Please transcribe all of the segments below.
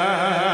a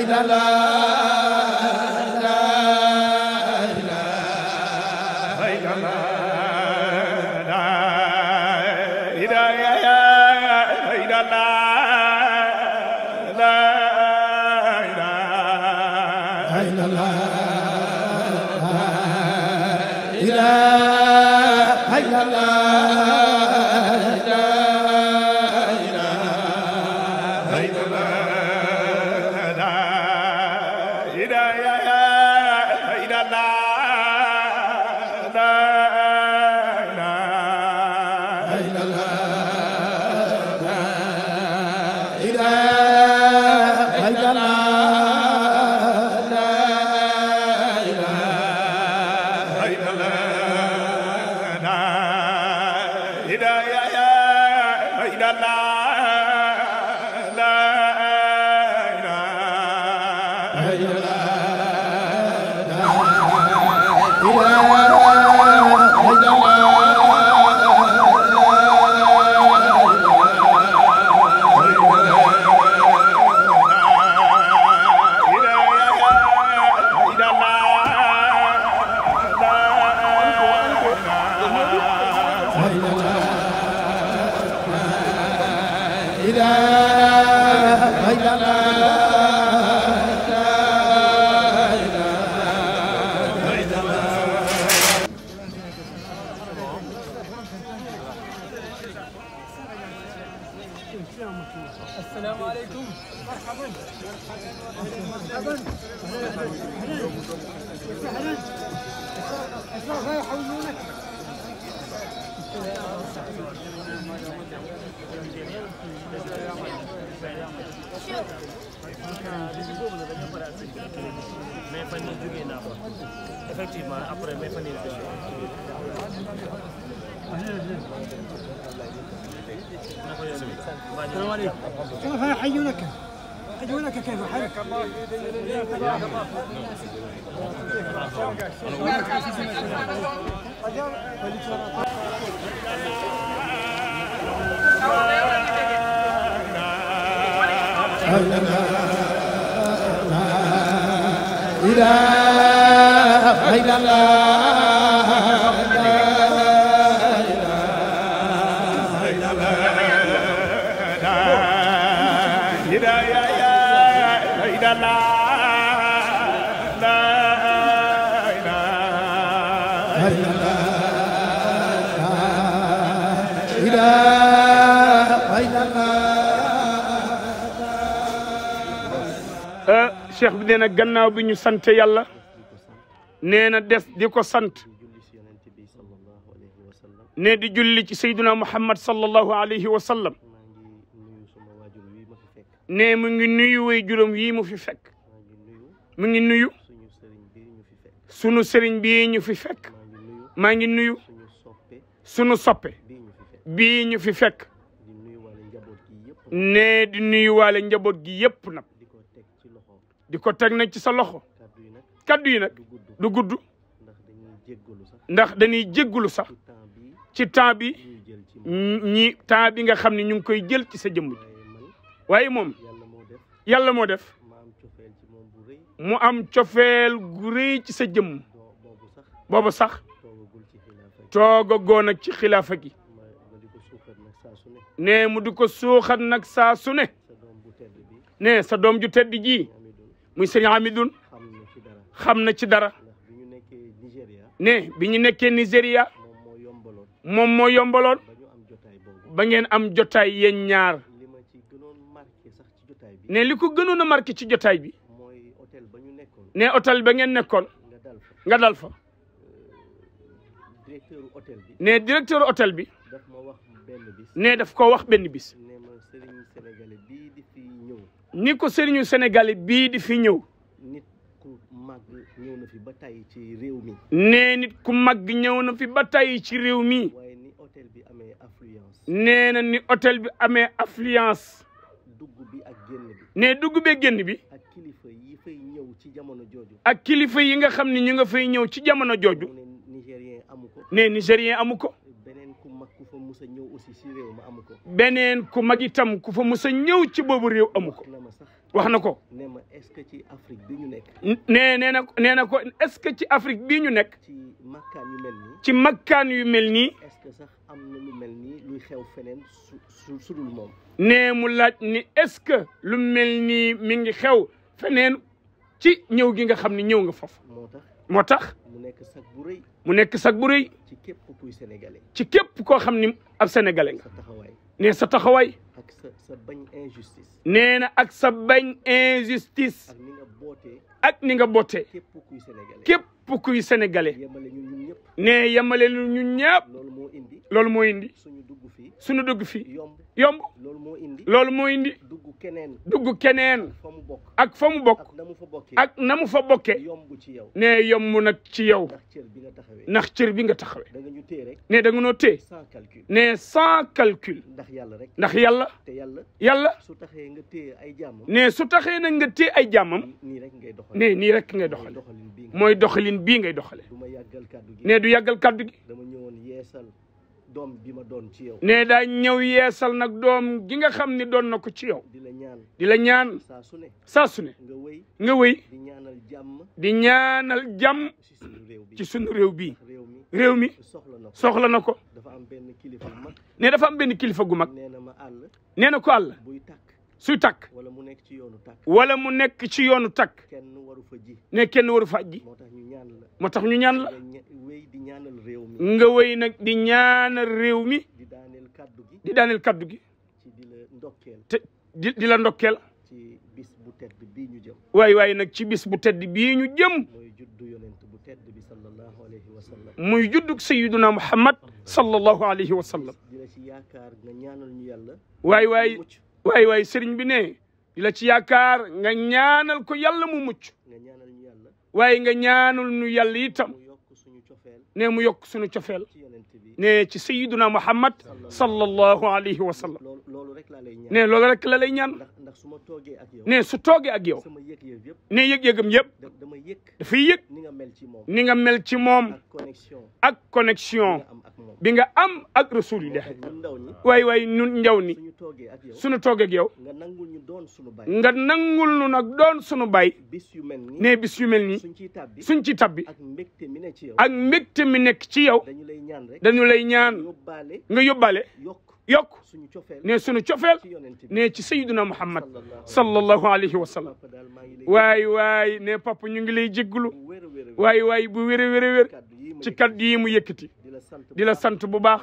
illallah ilaha illallah mais fan yii jógee naa ko effectivement après mais fan yii la jógee. كيف يحيونك؟ يحيونك كيف حالك؟ لا إله إلا الله cheikh bi nee gannaaw bi ñu sant yàlla nee na des di ko sant ne di julli ci sayduna muhammad sallallahu alayhi wa sallam ne mu ngi nuyu way juróom yii mu fi fekk mu ngi nuyu sunu sëriñ bii ñu fi fekk maa ngi nuyu sunu soppe bii ñu fi fekk ne di nuyu waale njaboot gi yëpp nag di ko teg nag ci sa loxo. kaddu yi nag du gudd. ndax dañuy jéggalu sax ci temps bi ñi temps bi nga xam ne ñu ngi koy jël ci sa jëmm ji waaye moom yàlla moo def mu am cofeel gu ci sa jëmm boobu sax toogagoon ak ci xilaafa gi ne mu di ko suuxat nag saa su ne ne sa doom ju tedd ji muy sëñ Amidoun xam na ci dara ne bi ñu nekkee Nigéria moom moo yombaloon ba ngeen am jotaay yéen ñaar ne li ko gënoon na marqué ci jotaay bi ne hôtel ba ngeen nekkoon nga dal fa ne directeur hôtel bi ne def ko wax benn bis. ni ko sëriñu Sénégal bii di fi ñëw. nit ku mag ñëw na fi ba tey ci réew mi. nee nit ku mag ñëw na fi ba tey ci réew mi. waaye ni hôtel bi amee affluence. nee na ni hôtel bi amee affluence. dugg bi ak génn bi. nee dugg bi bi. ak kilifa yi fay ñëw ci jamono jooju. ak kilifa yi nga xam ne ñu nga fay ñëw ci jamono jooju. nee Nigérien amu ko. nee Nigérien amu ko. mës a ñëw aussi si réew ma amu ko. beneen ku mag itam ku fa mës a ñëw ci boobu réew amu ko. wax na ko. nee ma est-ce que ci Afrique bi ñu nekk. nee nee na nee na ko est-ce que ci Afrique bii ñu nekk. ci makkaan yu mel nii. ci makkaan yu mel nii. est-ce que sax am na lu mel nii luy xew feneen su moom. nee mu laaj ni est-ce que lu mel nii mi ngi xew feneen ci ñëw gi nga xam ni ñëw nga foofu. tax. moo tax mu nekk sag bu mu nekk sag bu rëy ci képp kuy ci képp koo xam ni ab sénégalais nga ne sa taxawaay ak sa sa bañ injustice nee na ak sa bañ injustice ak ni nga bootee ak ni nga bootee képp kuy sénégalais képp kuy sénégalais nee yemale lu ñun ñëpp loolu moo indi loolu moo indi suñu dugg fii suñu dugg fii yomb yomb loolu moo indi loolu moo indi dugg keneen dugg keneen ak fa mu bokk ak na mu fa bokke ne yomb nag ci yow ndax cër bi nga taxawee ne da nga noo téye ne sans calcul ndax yàlla yàlla ne su taxee nag nga téye ay jàmmam ne nii rek ngay doxale mooy doxalin bii ngay doxale ne du yàggal kàddu gi doom bi ma doon ci yow. ne daa ñëw yeesal nag doom gi nga xam ne doon na ko ci yow. di la ñaan di la ñaan. saa su ne saa su nga wéy nga wéy. di ñaanal jàmm. di ñaanal jàmm. ci sunu réew bi ci sunu réew bi réew mi soxla na ko soxla na ko. dafa am benn kilifa ne dafa am benn kilifa gu mag. nee na ma àll. nee ko àll. buy tàkk suy tàkk. wala mu nekk ci yoonu tàkk. wala mu nekk ci yoonu tàkk. kenn waru fa ji. ne kenn waru fa ji. moo tax ñu ñaan la moo tax ñu ñaan la. ñaanal réew mi nga wéy nag di ñaanal réew mi di daaneel kaddu gi di daaneel kaddu gi ci di la ndokkeel te di di la ndokkeel ci bis bu tedd bii ñu jëm waay waay nag ci bis bu tedd bii ñu jëm muy juddu yonent bu tedd bi sallallahu alayhi wa sallam muy juddu sayyiduna muhammad sallallahu alayhi wa sallam di la ci yaakaar nga ñaanal ñu yàlla waay waay waay waay sëriñ bi ne di la ci yaakaar nga ñaanal ko yàlla mu mucc nga ñaanal ñu yàlla waaye nga ñaanal ñu yàlla itam nee mu yokk suñu cofeel nee ci sayyiduna Muhammad sallallahu alayhi wa sallam nee loolu rek la lay ñaan nee su toogee ak yow nee yëg-yëgam yëpp dafay yëg ni nga mel ci moom ak connexion bi nga am ak rasulillah waay waay ñun njaw ni suñu toogee ak yow nga nangul ñu doon suñu bay nga nangul ñu nag doon suñu bay ne bis yu mel nii suñ ci tabbi ak mbégte mi nekk ci yow ak mbégte mi nekk ci yow dañu lay ñaan nga yóbbaale yokk ne suñu cofeel ne ci sayyiduna muhammad sallallahu alayhi wa sallam waay waay ne papa ñu ngi lay jégglu waay waay bu wér a wér a wér ci kaddu yi mu di la sant bu baax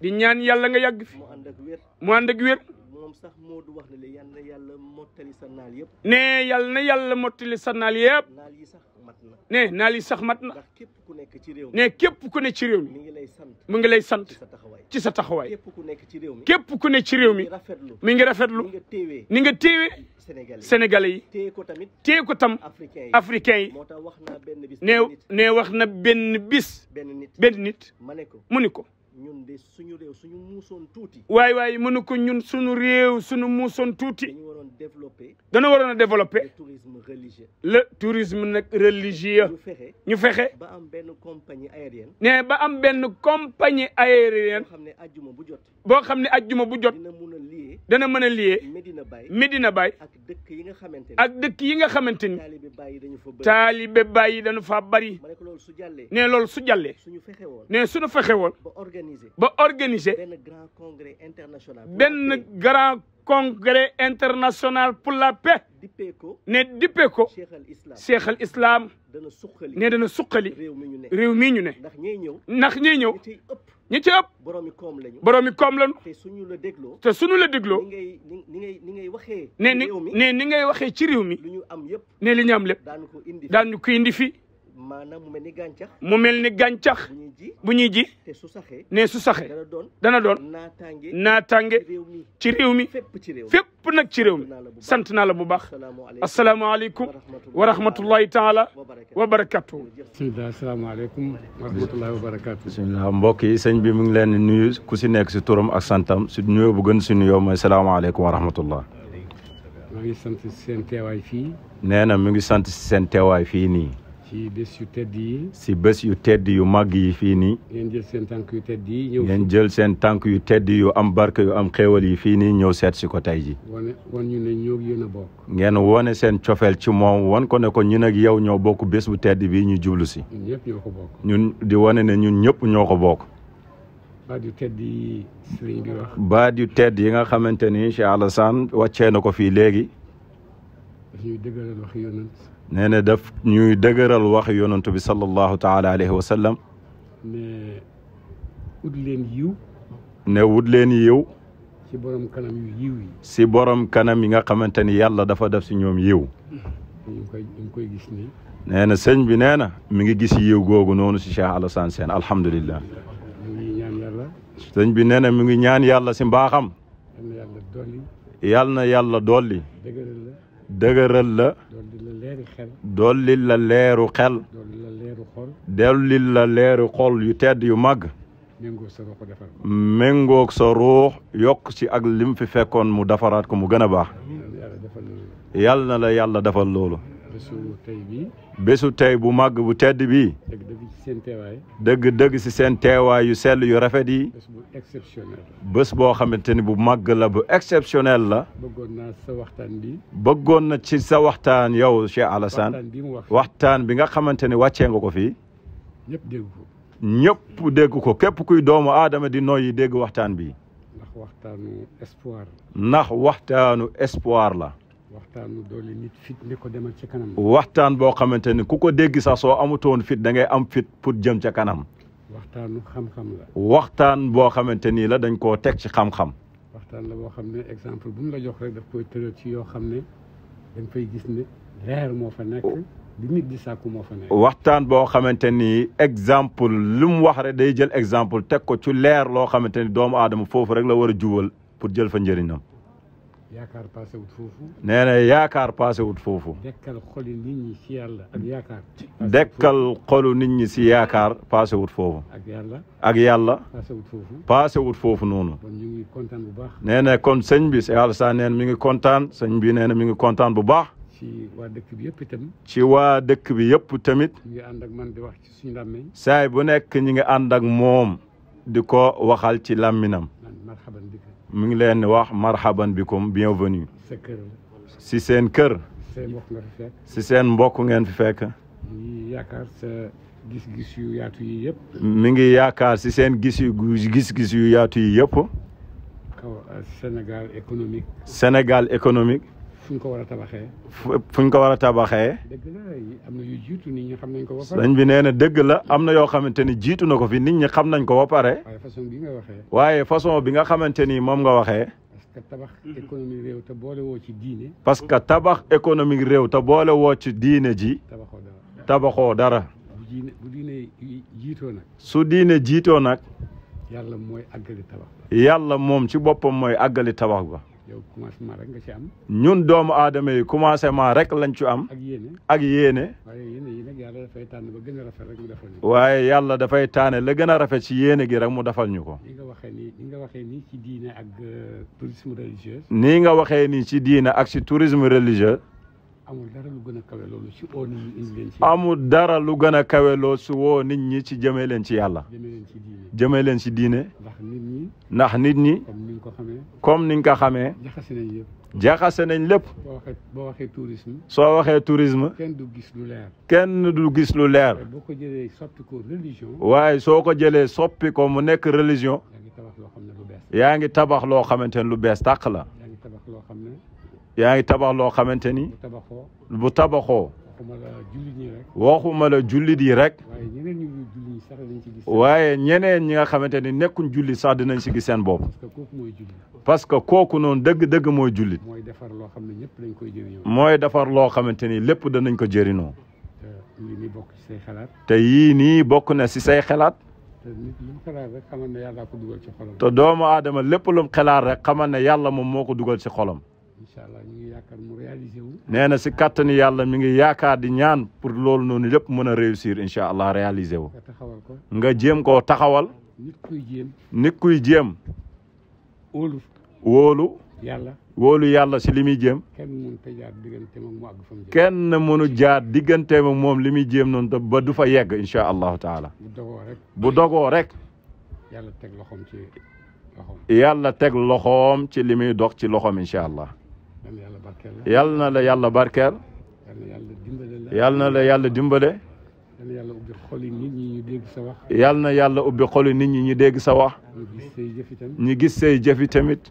di ñaan yàlla nga yàgg fi mu ànd ak wér moom sax moo du wax ne la yal na yàlla mottali sa naal yëpp ne yal na yàlla mottali sa naal yëpp naal yi sax mat na ne naal yi sax mat na ne képp ku ne ci réew mi mu ngi lay sant mu ngi lay sant ci sa taxawaay képp ku nekk ci réew mi képp ku ne ci réew mi mi ngi rafetlu ni nga téewee sénégalais yi téye ko tamit téye ko tam africain yi ne ne wax na benn bis benn nit mu ni ko ñun de suñu réew suñu muusoon tuuti. waay waay mënu ko ñun suñu réew suñu muusoon tuuti. dañu waroon développer. dañu waroon a développé le tourisme religieux. le tourisme nag religieux. ñu fexe ñu fexe. ba am benn compagnie aérienne. ne ba am benn compagnie aérienne. boo xam ne ajjuma bu jot. boo xam ne ajjuma bu jot. dina mun a lii. dana mën a lié Medina Baye ak dëkk yi nga xamante ni ak dëkk yi nga xamante ni taalibe Baye yi dañu fa bari ne loolu su jàllee ne suñu fexe woon ba organiser benn grand congrès international pour la paix ne dippee ko Cheikh al Islam ne dana suqali réew mii ñu ne ndax ñiy ñëw ñi ci ëpp mi koom lañu boroomi koom lañu te suñu la dégloo te suñu la dégloo ngay ni ngay ni ngay waxee ne ni ne ni ngay waxee ci réew mi lu ñu am yëpp ne li ñu am lépp daan ko indi daan ñu ko indi fii maanaam mu mel ni gàncax. mu mel ni gàncax. bu ñuy ji su saxee ne su saxee. dana doon dana doon naataange. naataange ci mi fépp ci réew mi nag ci réew mi. sant naa la bu baax asalaamaaleykum wa rahmatullahi taala wa barakatuh. bisimilah asalaamaaleykum wa rahmatullahi wa barakatuh. bisimilah mbokk yi sëñ bi mu ngi leen nuyu ku si nekk si turam ak santam si nuyoo bu si nuyoo mooy salaamaaleykum wa rahmatullah. maa ngi sant si seen teewaay fii. nee na mu ngi sant si seen teewaay fii nii. yu tedd yi. si bés yu tedd yu màgg yi fii nii. ngeen jël seen tànk yu tedd yi ngeen jël seen tànk yu tedd yu am barke yu am xéewal yi fii nii ñëw seet si ko tey ji. wane ñu ne ñoo yéen a bokk. ngeen wone seen cofeel ci moom wan ko ne ko ñun ak yow ñoo bokk bés bu tedd bi ñu jublu si. ñun ñëpp ñoo ko ñun di wane ne ñun ñëpp ñoo ko bokk. baat yu tedd yi nga xamante ni Cheikh Alassane wàccee na ko fii léegi. nee na daf ñuy dëgëral wax yonantu bi sallallahu taala alayhi wa sallam ne wut leen yiw ne wut si borom kanam yi nga xamante ni yàlla dafa def si ñoom yiw ñu ngi koy gis nii nee na sëñ bi nee na mi ngi gis yiw googu noonu si Cheikh Alassane Sène alhamdulilah sëñ bi nee mi ngi ñaan yàlla si mbaaxam yàlla yàlla dolli dëgërël la dolli la leeru xel dolli la leeru xol yu tedd yu màgg méngoog sa ruux yokk ci ak lim fi fekkoon mu defaraat ko mu gën a baax yàlla na la yàlla defal loolu bésu tey bi bésu tey bu màgg bu tedd bi dëgg dëgg ci seen teewaay. dëgg ci seen teewaay yu sell yu rafet yi. bés bu boo xamante ni bu màgg la bu exceptionnel la. bëggoon sa waxtaan bi. bëggoon na ci sa waxtaan yow Cheikh Alassane. waxtaan bi mu wax waxtaan bi nga xamante ni wàccee nga ko fii. ñëpp dégg ko. ñëpp dégg ko képp kuy doomu aadama di noyyi dégg waxtaan bi. ndax waxtaanu espoir. ndax waxtaanu espoir la. waxtaan doole nit fit ne ko demal ca kanam. waxtaan boo xamante ni ku ko dégg soo amutoon fit da ngay am fit pour jëm ca kanam. waxtaanu xam-xam waxtaan boo xamante ni la dañ koo teg ci xam-xam. waxtaan la boo xam ne exemple bu mu la jox rek daf koy tëral ci yoo xam ne da fay gis ne moo fa nekk. li nit waxtaan boo xamante ni exemple lu mu wax day jël exemple teg ko ci leer loo xamante ni doomu aadama foofu rek la war a jubal pour jël fa njëriñam. yaakaar paase wut foofu. nee yaakaar paase wut foofu. dekkal xolu nit si yàlla ak yaakaar. dekkal xolu nit ñi si yaakaar paase wut foofu. ak yàlla. ak yàlla. paase wut foofu. paase wut foofu noonu. kon ñu ngi kontaan bu baax. nee na kon sëñ bi si Alassane nee na ngi kontaan sëñ bi nee na mi ngi kontaan bu baax. ci waa dëkk bi yëpp itam. ci waa dëkk bi yëpp tamit. ñu ak man di wax ci suñu làmmiñ. saay bu nekk ñi ngi ànd ak moom di ko waxal ci làmminam. mu ngi leen wax marhaban bikum bienvenue si seen kër si seen mbokk ngeen fi fekk gis-gis yu yaatu yi yëpp. mi ngi yaakaar si seen gis yu gis-gis yu yaatu yi yëpp. Euh, économique. Sénégal économique. fuñ ko war a tabaxee. fuñ ko war a tabaxee. dëgg am na yu jiitu nit ñi xam nañ ko ba pare. sëñ bi nee na dëgg la am na yoo xamante ni jiitu na ko fi nit ñi xam nañ ko ba pare. waaye façon bi nga waxee. waaye façon bi nga xamante ni moom nga waxee. parce que tabax économie réew te boole woo ci diine. parce que tabax économie réew te boole woo ci diine ji. tabaxoo dara tabaxoo dara. bu jiitoo nag. su diine jiitoo nag. yàlla mooy àggali tabax. yàlla moom ci boppam mooy àggali tabax ba. yow commencement rek nga ci am. ñun doomu aadama yi commencement rek lañ ci am. ak yéene ak yéene. waaye yéene yi nag yàlla dafay tànn ba gën a rafet rek ñu ko. waaye yàlla dafay tànn la gën a rafet ci yéene gi rek mu dafal ñu ko. ni nga waxee nii ni nga waxee nii ci diine ak euh, tourisme religieux. ni nga waxee nii ci diine ak ci tourisme religieux. amul dara lu gën a kawe ci. amul dara lu gën a kawe loolu woo nit ñi ci jëmee leen ci yàlla. jëmee ci diine. jëmee leen ci diine. ndax nit ñi. ndax nit ñi. comme ko xamee. comme ni nga ko xamee. jaxase nañ lépp. jaxase nañ lépp. boo waxee boo soo waxee tourisme. kenn du gis lu leer. kenn du gis lu leer. boo ko jëlee soppi ko waaye soo ko jëlee soppi ko mu nekk religion. yaa ngi tabax loo xamante ne lu bees tàq la. yaa ngi tabax loo xamante ni bu tabaxoo waxuma la jullit yi rek waaye ñeneen ñi nga xamante ni nekkuñ jullit sax dinañ si gis seen bopp parce que kooku noonu dëgg-dëgg mooy jullit mooy defar loo xamante ni lépp danañ ko jëriñoo te yii nii bokk na si say xalaat te doomu aadama lépp lum xalaat rek xamal na yàlla moom moo ko dugal si xolam nee na si kàttanu yàlla mu ngi yaakaar di ñaan pour loolu noonu lépp mën a réussir incha allah réaliser wu. nga jéem koo taxawal. nit kuy jéem. nit kuy jéem. wóolu. yàlla wóolu yàlla si li muy jéem. kenn mënu jaar digganteem jaar digganteem ak moom li muy jéem noonu te ba du fa yegg incha allahu taala. bu dogoo rek. bu dogoo rek. yàlla teg loxoom ci loxoom. yàlla teg loxoom ci li muy dox ci loxoom incha allah. yal na la yàlla barkeel yal na la yàlla dimbale yal na yàlla ubbi xoli nit ñi ñu dégg sa wax ñu gis say jëfi tamit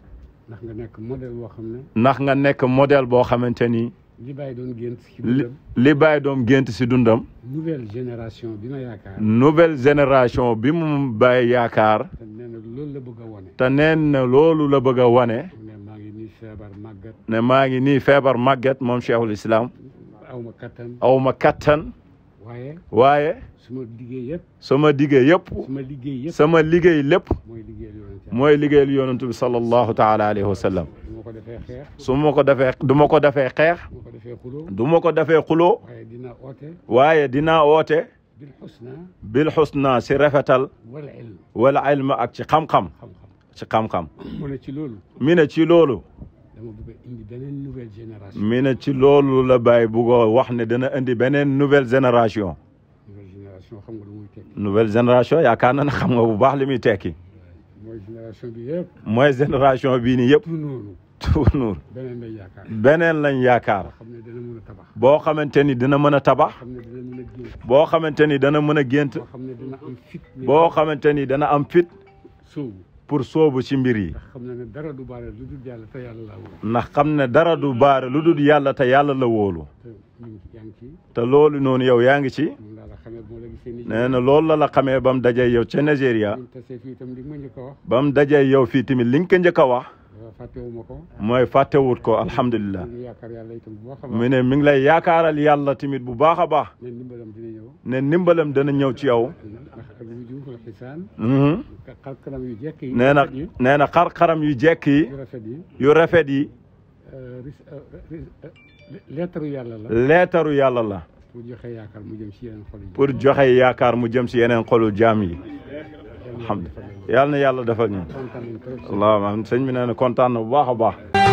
ndax nga nekk modèle boo xam ne ndax nga nekk modèle boo xamante ni li bàyyi doon gént si dundam li bàyyi gént si dundam. nouvelle génération bi ma yaakaar. génération bi mu bàyyi yaakaar. te nee na loolu la bëgg wane. ne maa ngi nii feebar màgget moom cheikhul islam aw ma kattan waaye waaye sama liggéey yëpp sama liggéey yëpp sama liggéey lépp mooy liggéeyal yonantu bi sallallahu taala alayhi wa sallam su ma ko defee du ma ko defee xeex du ma ko defee xuloo waaye dinaa oote bil xusna si rafetal wal ilm ak ci xam-xam ci xam-xam. ci loolu. mi ne ci loolu. nouvelle génération. mi ne ci loolu la Baye bëggoon wax ne dana indi beneen nouvelle génération. nouvelle génération xam nga lu muy tekki. yaakaar na ne xam nga bu baax li muy tekki. mooy génération bi yëpp. mooy génération bii nii yëpp. tunuur beneen lañ yaakaar. beneen lañ yaakaar. boo xamante ni dina mën a tabax. boo xamante ni dana mën a gént. boo xamante ni dana boo xamante ni dana am fit. pour soobu ci mbir yi. ndax xam ne dara du baare lu du yàlla te yàlla ndax xam ne dara du baare lu dul yàlla te yàlla la wóolu. te loolu noonu yow yaa ngi ci. nee na loolu la la xamee ba mu dajee yow ca Nigéria. ba mu dajee yow fii tamit liñ ko njëkk a wax. mooy fàttewut ko alhamdulilah mu ne mi ngi lay yaakaaral yàlla tamit bu baax a baax ne ndimbalam dana ñëw ci yow mhm. nee na nee na xar yu jekk yi yu rafet yi leetaru yàlla leetaru yàlla la pour joxe yaakaar mu jëm si yeneen xol yi. pour joxe yaakaar mu jëm si yeneen xolu jaam yi. alhamdulilah yal na yàlla defal ñu. kontaan nañu sëñ bi nee na kontaan na bu baax a baax.